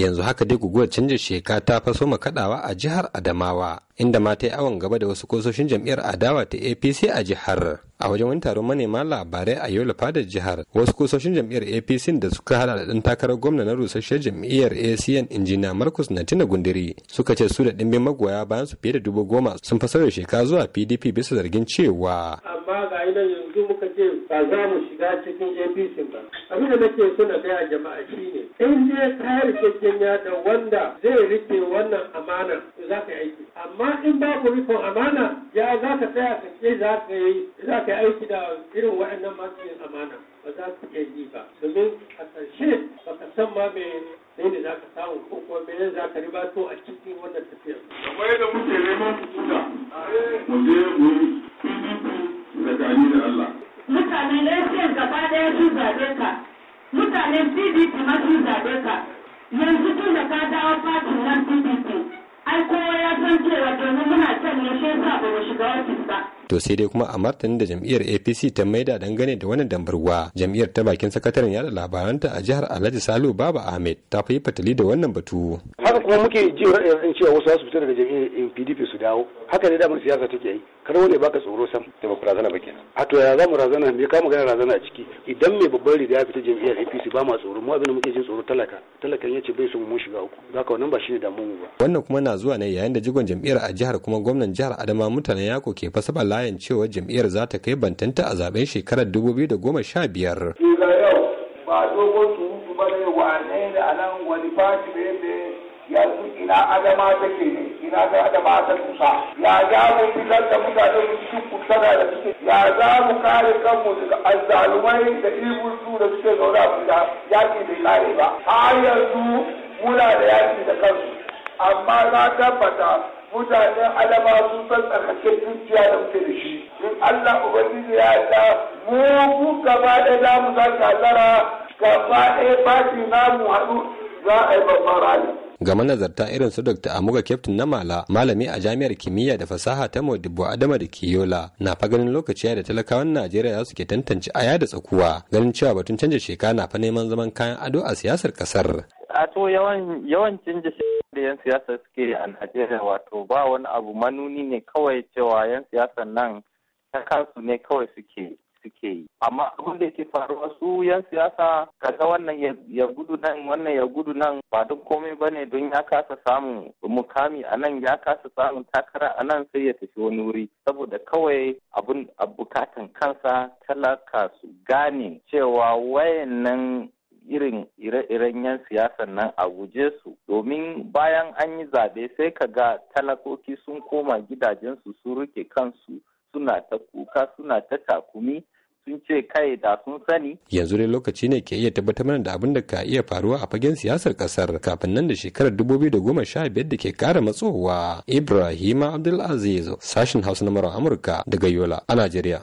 yanzu haka dai guguwar canjin sheka ta faso makaɗawa a jihar adamawa inda ma ta yi awon gaba da wasu kososhin jam'iyyar adawa ta apc a jihar a wajen wani taron manema labarai a yau lafadar jihar wasu kososhin jam'iyyar apc da suka hada da dan takarar gwamna na rusasshiyar jam'iyyar acn injiniya marcus na Tina gundiri suka ce su da dimbin magoya bayan su fiye da dubu goma sun fasar da sheka zuwa pdp bisa zargin cewa ba za mu shiga cikin APC ba. Abin da nake so na gaya jama'a shine in dai ka yarjejjen yada wanda zai rike wannan amana za ka yi aiki. Amma in ba ku rikon amana ya za ka tsaya ka ce za ka yi za ka yi aiki da irin waɗannan masu yin amana. Ba za su iya yi ba. Domin a ƙarshe ba ka san ma me sai ne za ka samu ko kuma me za ka ribato a cikin wannan tafiyar. Kamar yadda muke neman fituta, mu je mu yi sun zaɓe mutanen pdp ma sun yanzu tun da ka dawo fatin nan pdp ai kowa ya san cewa domin muna can ne shi yasa ba mu shiga wata to sai dai kuma a martanin da jam'iyyar apc ta maida dangane da wannan dambarwa jam'iyyar ta bakin sakataren yada labaranta a jihar alhaji salihu baba ahmed ta fi fatali da wannan batu haka kuma muke ji eh, in cewa wasu wasu su fita daga jam'iyyar pdp su dawo haka ne damar siyasa take yi kar wani baka tsoro sam da baku razana ba kenan a to ya za mu razana me ka gana razana a ciki idan mai babban riga ya fita jam'iyyar apc ba ma tsoro mu abin da muke jin tsoro talaka talakan yace bai so mu shiga uku zaka wannan ba shi ne damuwa ba wannan kuma na zuwa ne yayin da jigon jam'iyyar a jihar kuma gwamnan jihar adama mutanen yako ke fasaba bayan cewa jam'iyyar za ta kai bantanta a zaben shekarar 2015. Daga yau ba dogon surutu ba ne anan wani fati yanzu ina adama take ne ina ga adama ta kusa ya za mu fitar da mutane mu cikin da suke ya za mu kare kanmu daga azzalumai da ibutu da suke zaune a yaki bai kare ba har yanzu muna da yaki da kansu amma na tabbata mutanen alama sun san tsarkaken dukiya da muke da shi in Allah ubangiji ya yarda mu ku gaba ɗaya za mu zaki kasara, gaba ɗaya baki na mu haɗu za a yi babbar rani. Gama nazarta irin su Dr. Amuga Captain na Mala, malami a Jami'ar Kimiyya da Fasaha ta Modibo Adama da Kiyola, na fa ganin lokaci da talakawan Najeriya za su ke tantance aya da tsakuwa, ganin cewa batun canja sheka na fa neman zaman kayan ado a siyasar kasar. A to yawan yawan canja yadda 'yan siyasa suke a Najeriya wato ba wani abu manuni ne kawai cewa 'yan siyasan nan ta kansu ne kawai suke suke yi amma abin da ke faruwa su yan siyasa kaga wannan ya gudu nan wannan ya gudu nan ba duk komai ba ne don ya kasa samun mukami a nan ya kasa samun takara a nan sai ya tafi wani wuri saboda kawai abin bukatan kansa talaka su gane cewa wayannan irin ire-iren 'yan siyasan nan a guje su domin bayan an yi zaɓe sai ka ga talakoki sun koma gidajensu sun rike kansu suna ta kuka suna ta takumi sun ce kai da sun sani. Yanzu dai lokaci ne ke iya tabbatar mana da abin da ka iya faruwa a fagen siyasar kasar kafin nan da shekarar biyu da goma sha biyar da ke kara matsowa. Ibrahima Abdulaziz, sashin Hausa na Amurka daga Yola a Najeriya.